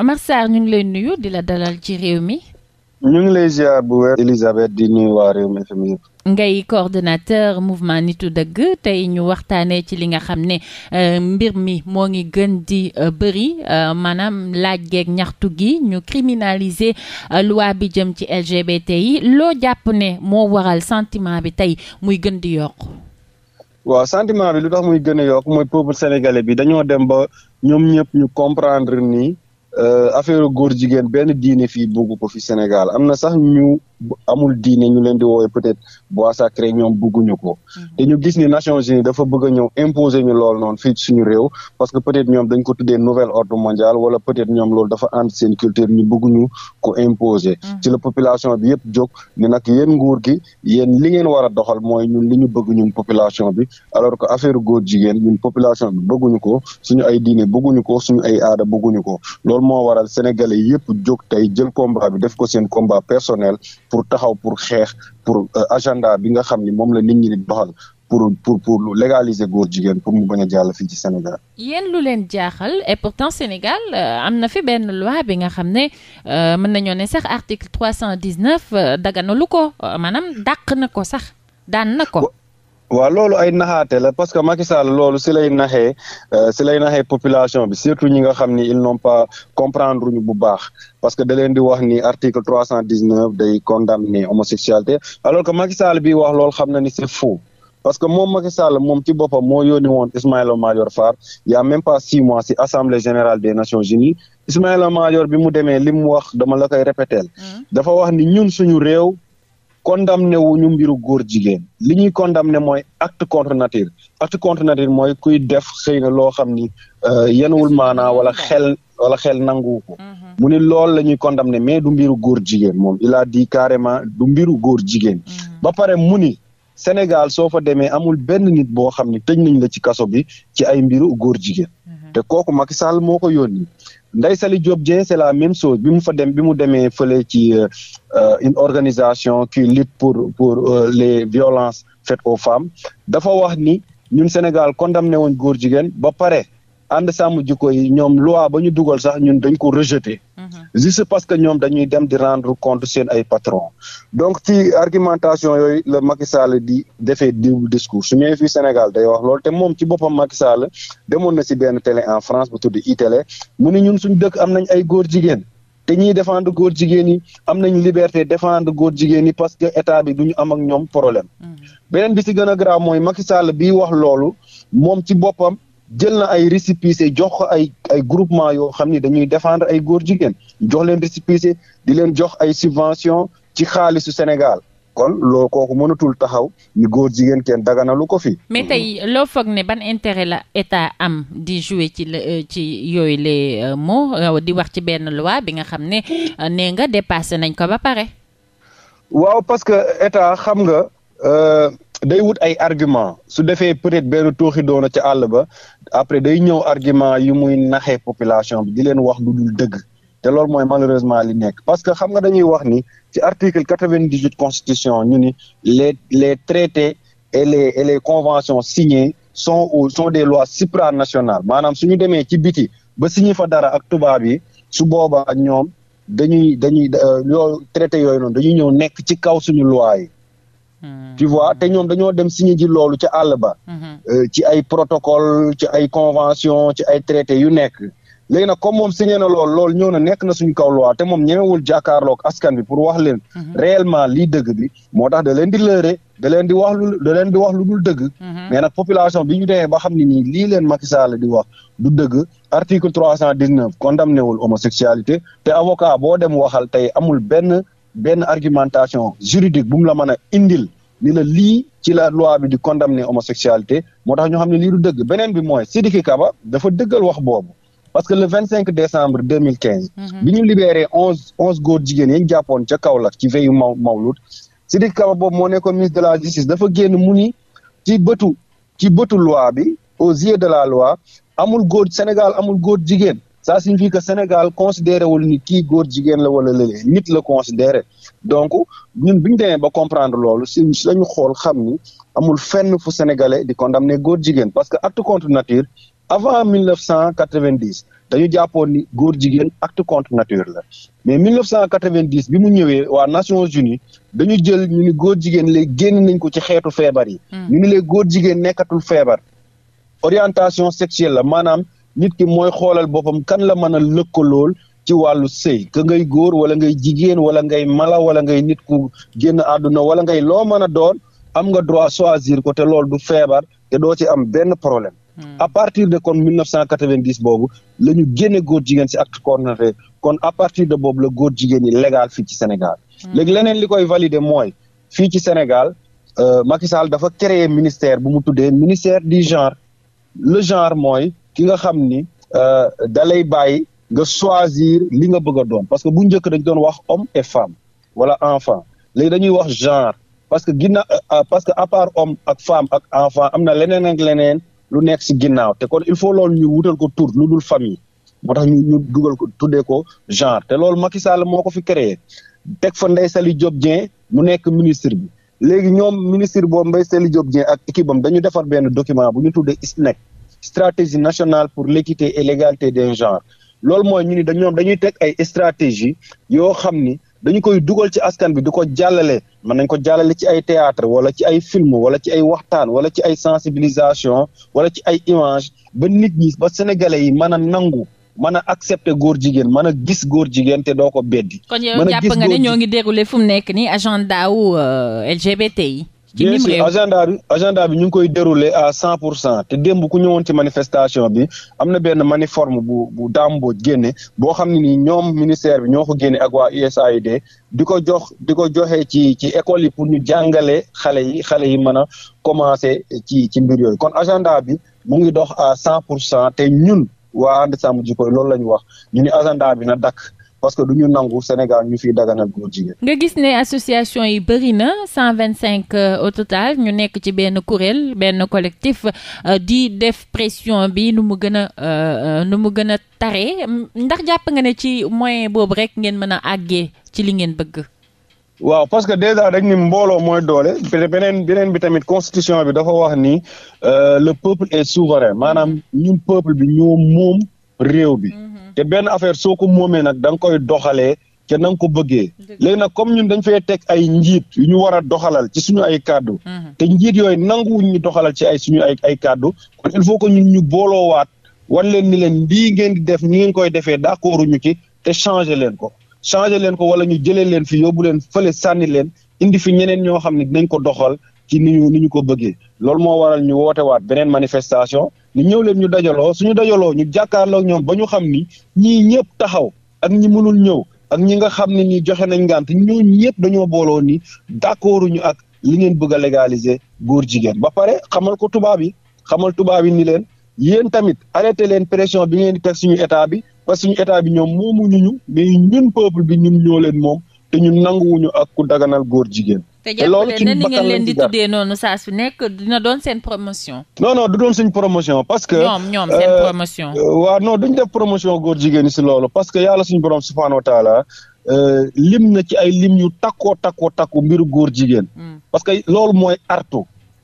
Omar Sarr ñu ngi lay nuyu di la dalal ci réew mi. ñu ngi lay ziar bu wér Elisabeth di nuyu waa réew mi FM yëpp. mouvement nitu dëgg tey ñu waxtaanee ci li nga xam ne euh, mbir mi moo ngi gën di euh, bëri euh, maanaam laaj geeg ñaxtu gi ñu criminaliser loi bi jëm ci LGBT yi loo jàpp ne moo waral sentiment bi tey muy gën di yokk. waaw sentiment bi lu tax muy gën a yokk mooy peuple sénégalais bi dañoo dem ba ñoom ñëpp ñu comprendre ni. Euh, affaire góor jigéen benn diine fii bugg ko fi Sénégal am na sax ñu. amul diine ñu leen di woowee peut-être bois sacré ñoom bëgguñu ko. Mhm. te ñu gis ni Nations Unies dafa bëgg a ñëw imposer ñu lool noonu fii suñu réew parce que peut-être ñoom dañ ko tuddee nouvel ordre mondial wala peut-être ñoom loolu dafa ànd seen culture ñu bëgguñu ko imposer. Mhm. ci la population bi yëpp jóg ni nag yéen nguur gi yéen li ngeen war a doxal mooy ñun ñu bëgg ñun population bi alors que affaire goor jigéen ñun population bi bëgguñu ko suñu ay diine bëgguñu ko suñu ay aada bëgguñu ko loolu moo waral sénégalais yëpp jóg tey jël combat bi def ko seen combat personnel. pour taxaw pour xeex pour euh, agenda bi nga xam ni moom la nit ñi di doxal pour pour pour légaliser góor jigéen pour mu bañ a jàll fii ci Sénégal. yéen lu leen jaaxal et pourtant Sénégal euh, am na fi benn loi bi nga xam ne euh, mën nañoo ne sax article trois cent dix neuf lu ko maanaam dàq na ko sax daan na ko. waaw loolu ay naxaate la parce que Macky Sall loolu si lay naxee euh, si lay naxee population bi surtout ñi nga xam ni ils n'ont pas comprendre ñu bu baax parce que da leen di wax ni article trois cent dix neuf day condamner homosexualité alors que Macky Sall bi wax lool xam na ni c'est faux parce que moom Macky Sall moom ci boppa moo yónni woon Ismaïla Madior Fall y a même pas six mois si assemblée générale des nations unies Ismaïla Madior bi mu demee li mu wax dama la koy répéter condamné wuñu mbiru góor jigéen li ñuy condamné mooy acte contre nature acte contre nature mooy kuy def xëy na loo xam ni euh, yenuwul maanaa wala xel wala xel nanguwu ko mm-hmm. mu ni loolu la ñuy condamné mais du mbiru góor jigéen moom il a dit carrément du mbiru góor jigéen mm-hmm. ba pare mu ni Sénégal soo fa demee amul benn nit boo xam ni tëj nañ la ci kaso bi ci ay mbiru góor jigéen mm-hmm. te kooku Macky Sall moo ko yónni nday Sali Diop Dieng c'est la même chose bi mu fa dem bi mu demee fële ci euh, euh, une organisation qui lutte pour pour euh, les violences faites au femmes dafa wax ni ñun Sénégal condamné woon góor jigéen ba pare ànd sàmm jikko yi ñoom loi ba ñu dugal sax ñun dañ ko rejeter. Mmh. juste parce que ñoom dañuy dem di rendre compte seen ay patron donc ci argumentation yooyu la Macky Sall di defee diw discours su ñëwee fii Sénégal day wax loolu te moom ci boppam Macky Sall demoon na si benn télé en France bu i iTélé mu ne ñun suñu dëkk am nañ ay góor jigéen te ñiy défendre góor jigéen yi am nañ liberté défendre góor jigéen yi parce que état bi du ñu am ak ñoom problème mmh. beneen bi si gën a grave mooy Macky bi wax loolu moom ci boppam jël na ay récépissé jox ko ay ay groupement yoo xam ni dañuy défendre ay góor jigéen jox leen récépissé di leen jox ay subvention ci xaalisu Sénégal kon loo kooku mënatul taxaw ni góor jigéen kenn daganalu ko fi. mais tey loo foog ne ban intérêt la état am di jouer ci la euh, ci yooyu les euh, moo di wax ci benn loi bi nga xam ne euh, nee nga dépassé nañ ko ba pare. waaw parce que état xam nga day wut ay argument su defee peut-être benn tooxi doona ca àll ba après day ñëw argument yu muy naxee population bi di leen wax lu dul dëgg te loolu mooy malheureusement li nekk parce que xam nga dañuy wax ni ci article quatre-vingt-dix-huit constitution ñu ni les les traités et les et les conventions signées sont ou sont des lois supranationales maanaam suñu demee ci biti ba signé fa dara ak tubaab yi su boobaa ñoom dañuy dañuy loolu euh, traité yooyu noonu dañuy ñëw nekk ci kaw suñu loi yi Hmm. tu vois te ñoom dañoo dem signé ji loolu ca àll ba. Hmm. Euh, ci ay protocole ci ay convention ci ay traité yu nekk. léegi nag comme moom signé na lool lool ñëw na nekk na suñu kaw loi te moom ñemewul jàkkaarloog askan bi pour wax leen. Hmm. réellement li dëgg bi moo tax da leen di lëre da leen di wax lu da leen di wax lu dul dëgg. mais nag population bi ñu demee ba xam ni nii lii leen Macky Sall di wax du dëgg article trois cent dix neuf condamné wul homosexualité te avocat boo dem waxal tey amul benn. benn argumentation juridique bu mu la mën a indil ni la lii ci la loi bi di condamner homosexualité moo tax ñu xam ne lii du dëgg beneen bi mooy Sidiki Kaba dafa dëggal wax boobu parce que le vingt cinq décembre deux mille quinze mhm. bi ñu libéré onze onze góor jigéen yañ jàppoon ca Kaolack ci veyu maw mawlud Sidiki Kaba boobu moo nekkoon ministre de la justice dafa génn mu ni ci bëtu ci bëtu loi bi au yeux de la loi amul góor Sénégal amul góor jigéen ça signifie que Sénégal considéré wul ni kii góor jigéen la wala léeg nit la considéré donc ñun bu ñu demee ba comprendre loolu si lañu xool xam ni amul fenn fu sénégalais di condamné góor jigéen parce que acte contre nature avant 1990 dañu jàppoon ni góor jigéen acte contre nature la mais 1990 bi mu ñëwee waa Nations Unies dañu jël ñu ni góor jigéen léegi génn nañ ko ci xeetu feebar yi. Hmm. ñu ni léegi góor jigéen nekkatul feebar. orientation sexuelle la maanaam. nit ki mooy xoolal boppam kan la mën a lëkkalool ci wàllu sëy ka ngay góor wala ngay jigéen wala ngay mala wala ngay nit ku génn àdduna wala ngay loo mën a doon am nga droit choisir ko te loolu du feebar te doo ci am benn problème. Hmm. à partir de kon 1990 boobu la ñu génne góor jigéen si acte coordonné kon à partir de boobu la góor jigéen yi légal fii ci Sénégal. Hmm. léegi leneen li koy valider mooy fii ci Sénégal euh, Macky Sall dafa créer ministère bu mu tuddee ministère du genre le genre mooy. ki nga xam ni euh, da lay bàyyi nga choisir li nga bëgg a doon parce que bu njëkk dañ doon wax homme et femme wala enfant léegi dañuy wax genre parce que ginnaaw euh, euh, parce que à part homme ak femme ak enfant na leneen ak leneen lu nekk si ginnaaw te kon il faut loolu ñu wutal ko tur nu dul famille moo tax ñu ñu dugal ko tuddee ko genre te loolu makisal Sall moo ko fi créer teg fa Ndeye Saly Diop mu nekk ministre bi léegi ñoom ministre boobu Ndeye Saly Diop Dieng ak équipe am dañu defar benn document bu ñu tuddee ISNEC stratégie nationale pour l'équité et l'égalité des genres loolu mooy ñu ni dañoom ñoom dañuy teg ay stratégie yoo xam ni dañu koy dugal ci askan bi du ko jàllale mën nañ ko jàllale ci ay théâtre wala ci ay film wala ci ay waxtaan wala ci ay sensibilisation wala ci ay image ba nit ñi ba sénégalais yi mën nangu mën a accepter góor jigéen mën a gis góor jigéen te doo ko beddi. mën a gis kon nga ne ñoo ngi déroulé fu mu nekk nii agenda wu euh, LGBT yi. ci agenda bi agenda bi ñu ngi koy dérouler à cent pour cent te démb ku ñëwoon ci manifestation bi am na benn maniforme bu bu dàmboo génne boo xam ni ñoom ministère bi ñoo ko génne ak waa USAID di ko jox di ko joxe ci ci école yi pour ñu jàngale xale yi xale yi mën a commencer ci ci mbir yooyu kon agenda bi mu ngi dox à cent pour cent te ñun waa ànd sàmm jikko loolu la ñu wax ñu ni agenda bi na dakk parce que du ñu nangu Sénégal ñu fiy daganal góor jigéen. nga gis ne association yi bëri na cent vingt cinq euh, au total ñu nekk ci benn kuréel benn collectif euh, di def pression bi nu mu gën a euh, nu mu gën a tare ndax jàpp nga ne ci moyen boobu rek ngeen mën a àggee ci li ngeen bëgg. waaw parce que déjà dañ ni mbooloo mooy doole beneen beneen bi tamit constitution bi dafa wax ni le peuple est souverain maanaam ñun peuple bi ñoo moom réew bi. Mm. te benn affaire soo ko moomee nag da koy doxalee te na nga ko bëggee. léegi nag comme ñun dañ fee teg ay njiit yu ñu war a doxalal ci suñu ay kàddu. Mm-hmm. te njiit yooyu nanguwuñ ñu doxalal ci ay suñu ay ay kàddu kon il faut que ñun ñu booloowaat wan leen ni leen lii ngeen def ni ngeen koy defee d'accord ñu ci te changer leen ko. changer leen ko wala ñu jëlee leen fi yóbbu leen fële sànni leen indi fi ñeneen ñoo xam ne dinañ ko doxal ci ni ñu ni ñu ko bëggee. loolu moo waral ñu woote waat beneen manifestation ñu ñëw leen ñu dajaloo suñu dajaloo ñu jàkkaarloog ñoom ba ñu xam ni ñii ñëpp taxaw ak ñi mënul ñëw ak ñi nga xam ne nii joxe nañ ngànt ñoo ñëpp dañoo booloo ni d'accord ñu ak li ngeen bëgg a légaliser góor jigéen ba pare xamal ko tubaab yi xamal tubaab yi ni leen yéen tamit arrêté leen pression bi ngeen di suñu état bi parce que suñu état bi ñoom moomuñu ñu mais ñun peuple bi ñun ñoo leen moom te ñun nanguwuñu ak ku daganal góor jigéen te jàppale na ni ngeen leen di tuddee noonu saa su nekk dina doon seen promotion. non non du doon suñ promotion parce que. ñoom ñoom seen euh, promotion. Euh, waaw non duñ def promotion góor jigéen ñi si loolu parce que yàlla suñ borom subhaanahu wa euh, lim na ci ay lim yu takkoo takkoo takku mbiru góor jigéen. Hmm. parce que loolu mooy artu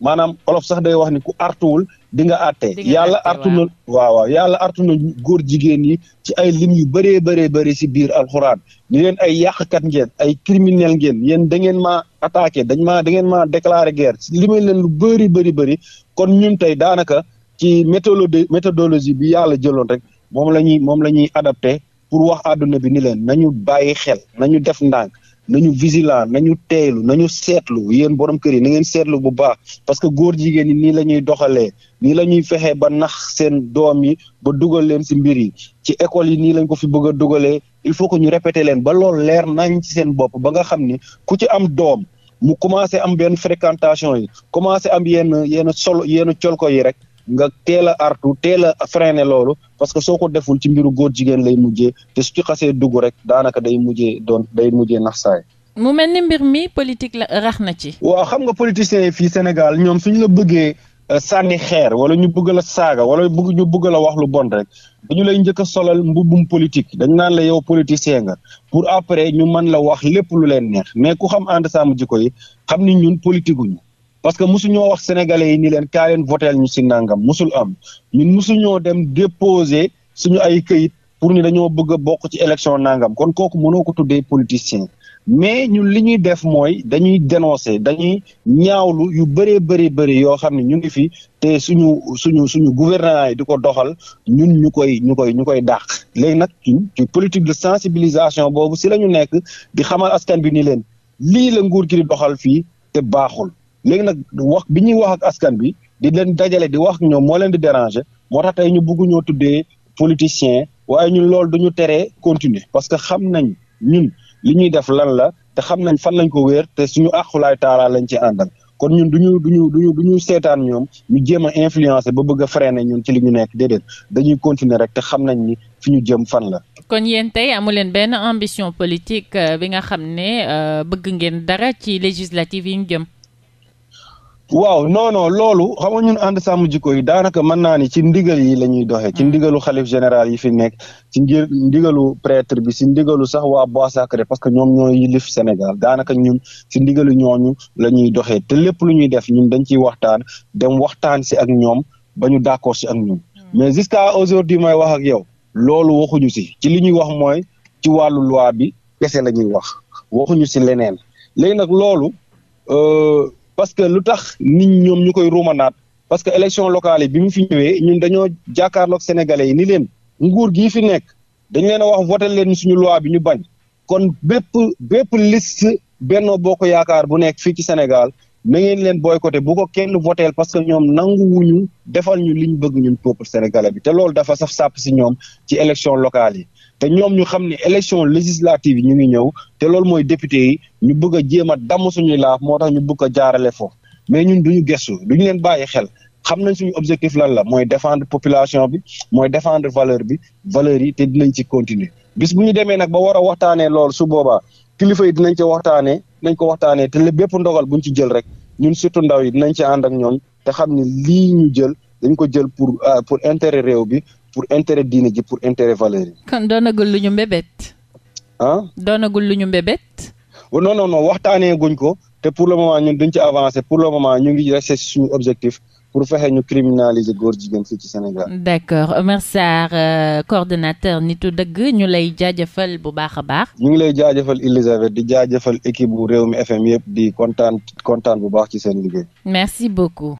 maanaam olof sax day wax ni ku artuwul dinga nga yàlla artu na waaw yàlla artu góor jigéen yi ci ay lim yu bëree bëree bëri si biir alxuraan ni leen ay yàqkat ngeen ay criminel ngeen yéen da ngeen maa attaqué dañ maa da ngeen maa déclaré guerre limee leen lu bëri bëri bëri kon ñun tey daanaka ci méthodologie méthodologie bi yàlla jëloon rek moom la ñuy moom la ñuy adapté pour wax àdduna bi ni leen nañu bàyyi xel na ñu def ndànk nañu vigilant nañu teeylu ñu seetlu yéen borom kër yi na ngeen seetlu bu baax parce que góor jigéen ñi nii la ñuy doxalee nii la ñuy fexee ba nax seen doom yi ba dugal leen ci mbir yi ci école yi nii lañ ko fi bëgg a dugalee il faut que ñu répéter leen ba loolu leer nañ ci seen bopp ba nga xam ni ku ci am doom mu commencé am benn fréquentation yi commencé am yenn yenn solo yenn colko yi rek nga teel a artu teel a ne loolu parce que soo ko deful ci mbiru góor jigéen lay mujjee te su ci xasee dugg rek daanaka day mujjee doon day mujjee nax saay. mu mel ni mbir mi politique la rax na ci. waaw xam nga politiciens yi fii Sénégal ñoom ñu la bëggee euh, sànni xeer wala ñu bëgg la saaga wala bëgg ñu bëgg la wax lu bon rek dañu lay njëkk solal mbubbum politique dañu naan la yow politicien nga pour après ñu man la wax lépp lu leen neex mais ku xam ànd sàmm jikko yi xam ni ñun politique guñu parce que mosuñoo wax sénégalais yi ni leen kaa leen votel ñu si nangam mosul am ñun mosuñoo dem déposer suñu ay kayit pour ñu dañoo bëgg a bokk ci élection nangam kon kooku mënoo ko tuddee politicien mais ñun li ñuy def mooy dañuy dénoncer dañuy ñaawlu yu bëree bëri bëri yoo xam ne ñu ngi fi te suñu suñu suñu gouvernement yi di ko doxal ñun ñu koy ñu koy ñu koy dàq léegi nag ci politique de sensibilisation boobu si la ñu nekk di xamal askan bi ni leen lii la nguur gi di doxal fii te baaxul léegi nag wax bi ñuy wax ak askan bi di leen dajale di wax ñoom moo leen di déranger moo tax tey ñu bugg ñoo tuddee politicien waaye ñun loolu ñu teree continuer parce que xam nañ ñun li ñuy def lan la te xam nañ fan lañ ko weer te suñu àqulaay taalaa lañ ci àndal kon ñun duñu ñu duñu duñu seetaan ñoom ñu jéem a influencer ba bëgg a nañ ñun ci li ñu nekk déedéet dañuy continuer rek te xam nañ ni fi ñu jëm fan la kon yéen tey amu leen benn ambition politique euh, bi nga xam ne euh, bëgg ngeen dara ci législative yi ñu jëm waaw non loolu xam nga ñun ànd sàmm jikko yi daanaka mën naa ni ci ndigal yi la ñuy doxee ci mm. ndigalu xalif général yi fi nekk ci ngir ndigalu prêtre bi si ndigalu sax wa bois sacré parce que ñoom ñooy yilif Sénégal daanaka ñun ci ndigalu ñooñu la ñuy doxee te lépp lu ñuy def ñun dañ ciy waxtaan dem waxtaan si ak ñoom ba ñu d'accord si ak ñun mm. mais jusqu'à aujourd'hui may wax ak yow loolu waxuñu si ci li ñuy wax mooy ci wàllu loi bi kese la ñuy wax waxuñu si leneen léegi nag loolu euh, parce que lu tax nit ñoom ñu koy ruumanaat parce que élection locale yi bi mu fi ñëwee ñun dañoo jàkkaarloog sénégalais yi ni leen nguur gii fi nekk dañu leen a wax voté leen suñu loi bi ñu bañ kon bépp bépp liste Benno Bokk Yaakaar bu nekk fii ci Sénégal na ngeen leen boycotté bu ko kenn voteel parce que ñoom nanguwuñu defal ñu li ñu bëgg ñun peuple sénégalais bi te loolu dafa saf sàpp si ñoom ci élection locale yi te ñoom ñu xam ne élection législative yi ñu ngi ñëw te loolu mooy député yi ñu bëgg a jéem a damm suñuy laaf moo tax ñu bëgg a jaarale foofu mais ñun duñu gëstu duñu leen bàyyi xel xam nañ suñu objectif lan la mooy défendre population bi mooy défendre valeur bi valeur yi te dinañ ci continuer bis bu ñu demee nag ba war a waxtaanee loolu su boobaa kilifa yi dinañ ci waxtaanee dinañ ko waxtaanee te lépp bépp ndogal bu ñu ci jël rek ñun surtout ndaw yi dinañ ci ànd ak ñoom te xam ne lii ñu jël dañ ko jël pour euh, pour intérêt réew bi pour intérêt diine ji pour intérêt valeur yi. kon doonagul lu ñu mbébét. ah. doonagul lu ñu mbébét. non non waxtaanee guñ ko te pour la moment ñun ci avancé pour le ñu ngi resté suñu objectif. pour fexe ñu criminaliser góor jigéen fii ci Sénégal. d'accord Oumar Sarr euh, nitu dëgg ñu lay jaajëfal bu baax a baax. ñu ngi lay jaajëfal Elisabeth di jaajëfal équipe bu réew mi FM yëpp di kontaan kontaan bu baax ci seen liggéey. merci beaucoup.